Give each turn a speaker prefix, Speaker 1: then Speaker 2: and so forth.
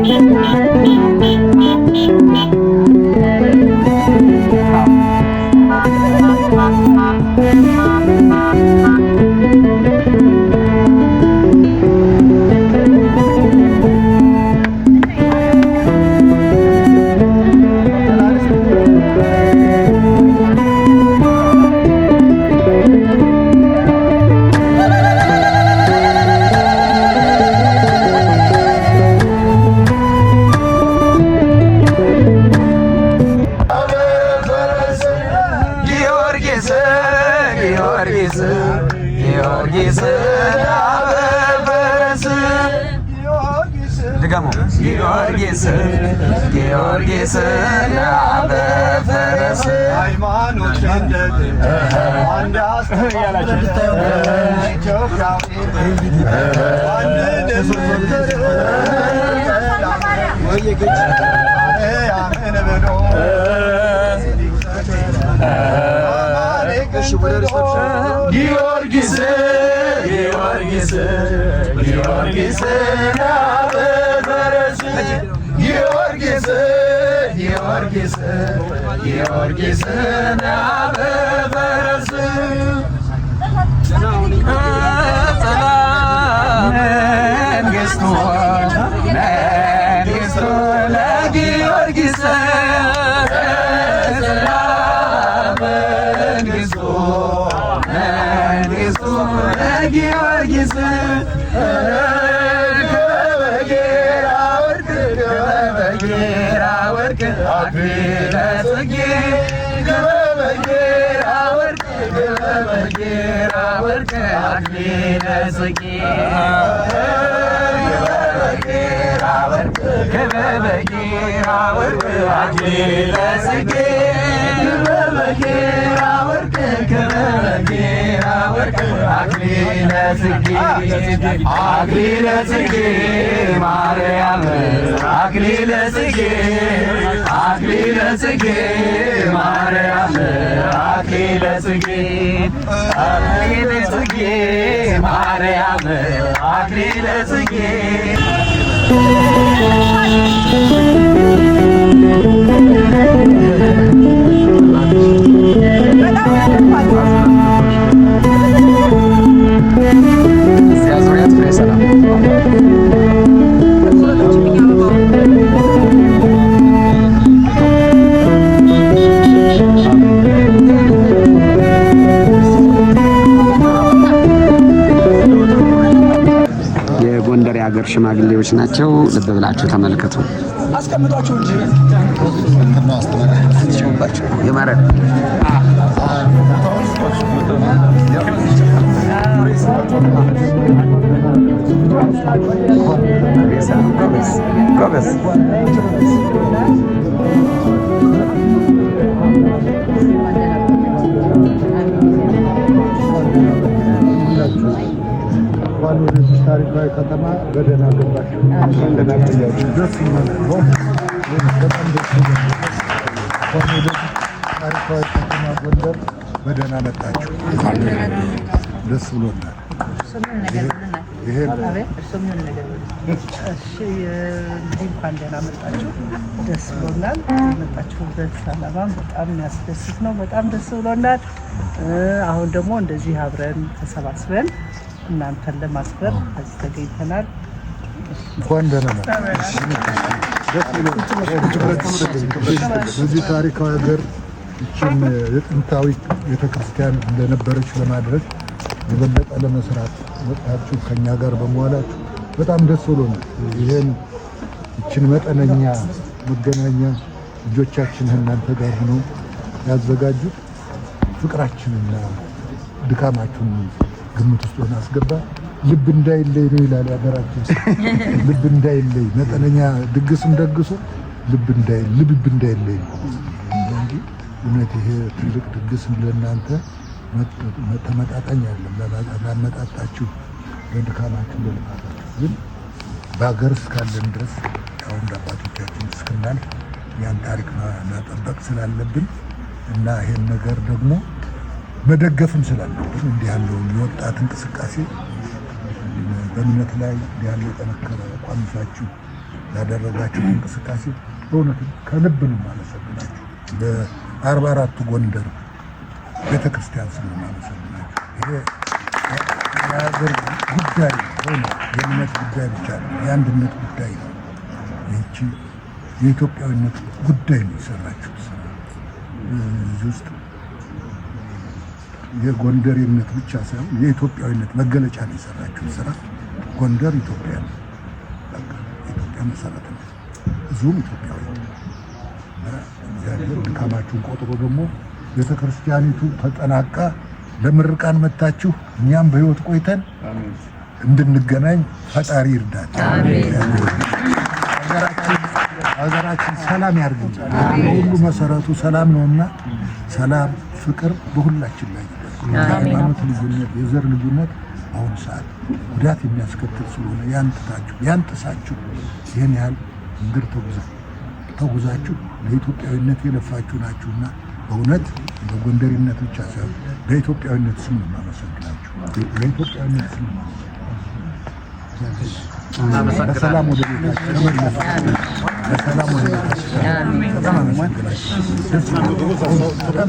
Speaker 1: 嗯。
Speaker 2: ጊዮርጊስ ዳበፈረስ ድገሞ ጊዮርጊስ ጊዮርጊስ ዳበፈረስ
Speaker 3: ሃይማኖት
Speaker 2: Georgis'ına versin Georgis'e Georgis'e abi versin Ben gestuva Ben gestuva La Georgis'e Ben gestuva Ben gestuva La Georgis'e ወርቅ አክሊለ ጽጌ ገብረመጌራ ወርቅ ገብረመጌራ ወርቅ አክሊለ ጽጌ ገብረመጌራ ወርቅ ገብረመጌራ ወርቅ አክሊለ ጽጌ ጌራ ወርቅ ክበረ ጌራ ወርቅ አክሊለ ጽጌ አክሊለ ጽጌ ማርያም አክሊለ ጽጌ አክሊለ ጽጌ ማርያም አክሊለ ጽጌ አክሊለ ጽጌ ማርያም አክሊለ ጽጌ
Speaker 4: ተማሪዎች ናቸው። ልብ ብላችሁ ተመልከቱ።
Speaker 5: አስቀምጧቸው እንጂ
Speaker 6: አባይ ከተማ በደህና ገባሽ። ታሪካዊ ከተማ ጎንደር በደህና መጣችሁ። ደስ ብሎናል።
Speaker 7: እንኳን ደህና መጣችሁ። ደስ ብሎናል። የመጣችሁበት ዓላማም በጣም የሚያስደስት ነው። በጣም ደስ ብሎናል። አሁን ደግሞ እንደዚህ አብረን ተሰባስበን እናንተን ለማክበር እዚህ ተገኝተናል።
Speaker 6: እንኳን ደህና በዚህ ታሪካዊ ሀገር ይችን የጥንታዊ ቤተክርስቲያን እንደነበረች ለማድረግ የበለጠ ለመስራት ከኛ ጋር በመዋላችሁ በጣም ደስ ብሎናል። ይህን ይችን መጠነኛ መገናኛ ልጆቻችን እናንተ ጋር ሆነው ያዘጋጁት ፍቅራችንና ድካማችሁን ግምት ውስጥ ሆነ አስገባ። ልብ እንዳይለይ ነው ይላል ሀገራችን። ልብ እንዳይለይ መጠነኛ ድግስም ደግሶ ልብ እንዳይ ልብ እንዳይለይ ነው እንጂ እውነት ይሄ ትልቅ ድግስ ለእናንተ ተመጣጣኝ አይደለም። ላመጣጣችሁ ለድካማችሁ፣ ለልፋታችሁ ግን በሀገር እስካለን ድረስ አሁን አባቶቻችን እስክናል ያን ታሪክ መጠበቅ ስላለብን እና ይሄን ነገር ደግሞ መደገፍም ስላለብን እንዲህ ያለው የወጣት እንቅስቃሴ በእምነት ላይ እንዲህ ያለው የጠነከረ አቋም ይዛችሁ ያደረጋችሁ እንቅስቃሴ በእውነት ከልብ ነው የማመሰግናችሁ። በአርባ አራቱ ጎንደር ቤተክርስቲያን ክርስቲያን ስም የማመሰግናችሁ። ይሄ የሀገር ጉዳይ ሆነ የእምነት ጉዳይ ብቻ ነው፣ የአንድነት ጉዳይ ነው። ይቺ የኢትዮጵያዊነት ጉዳይ ነው የሰራችሁት ስራ እዚህ ውስጥ የጎንደሬነት ብቻ ሳይሆን የኢትዮጵያዊነት መገለጫ ነው የሰራችው ስራ። ጎንደር ኢትዮጵያ ነው፣ ኢትዮጵያ መሰረት ነው፣ ህዝቡም ኢትዮጵያዊ እግዚአብሔር ድካማችሁን ቆጥሮ ደግሞ ቤተክርስቲያኒቱ ተጠናቃ ለምርቃን መታችሁ፣ እኛም በህይወት ቆይተን እንድንገናኝ ፈጣሪ ይርዳል። ሀገራችን ሰላም ያርግል። ሁሉ መሰረቱ ሰላም ነውና ሰላም፣ ፍቅር በሁላችን ላይ የሃይማኖት ልዩነት፣ የዘር ልዩነት አሁን ሰዓት ጉዳት የሚያስከትል ስለሆነ ያን ጥታችሁ ይህን ያህል እንግር ተጉዛ ተጉዛችሁ ለኢትዮጵያዊነት የለፋችሁ ናችሁና በእውነት በጎንደሪነት ብቻ ሳይሆን በኢትዮጵያዊነት ስም ነው የማመሰግናችሁ። በኢትዮጵያዊነት ስም በሰላም ወደ ቤታችሁ በሰላም ወደ ቤታችሁ በጣም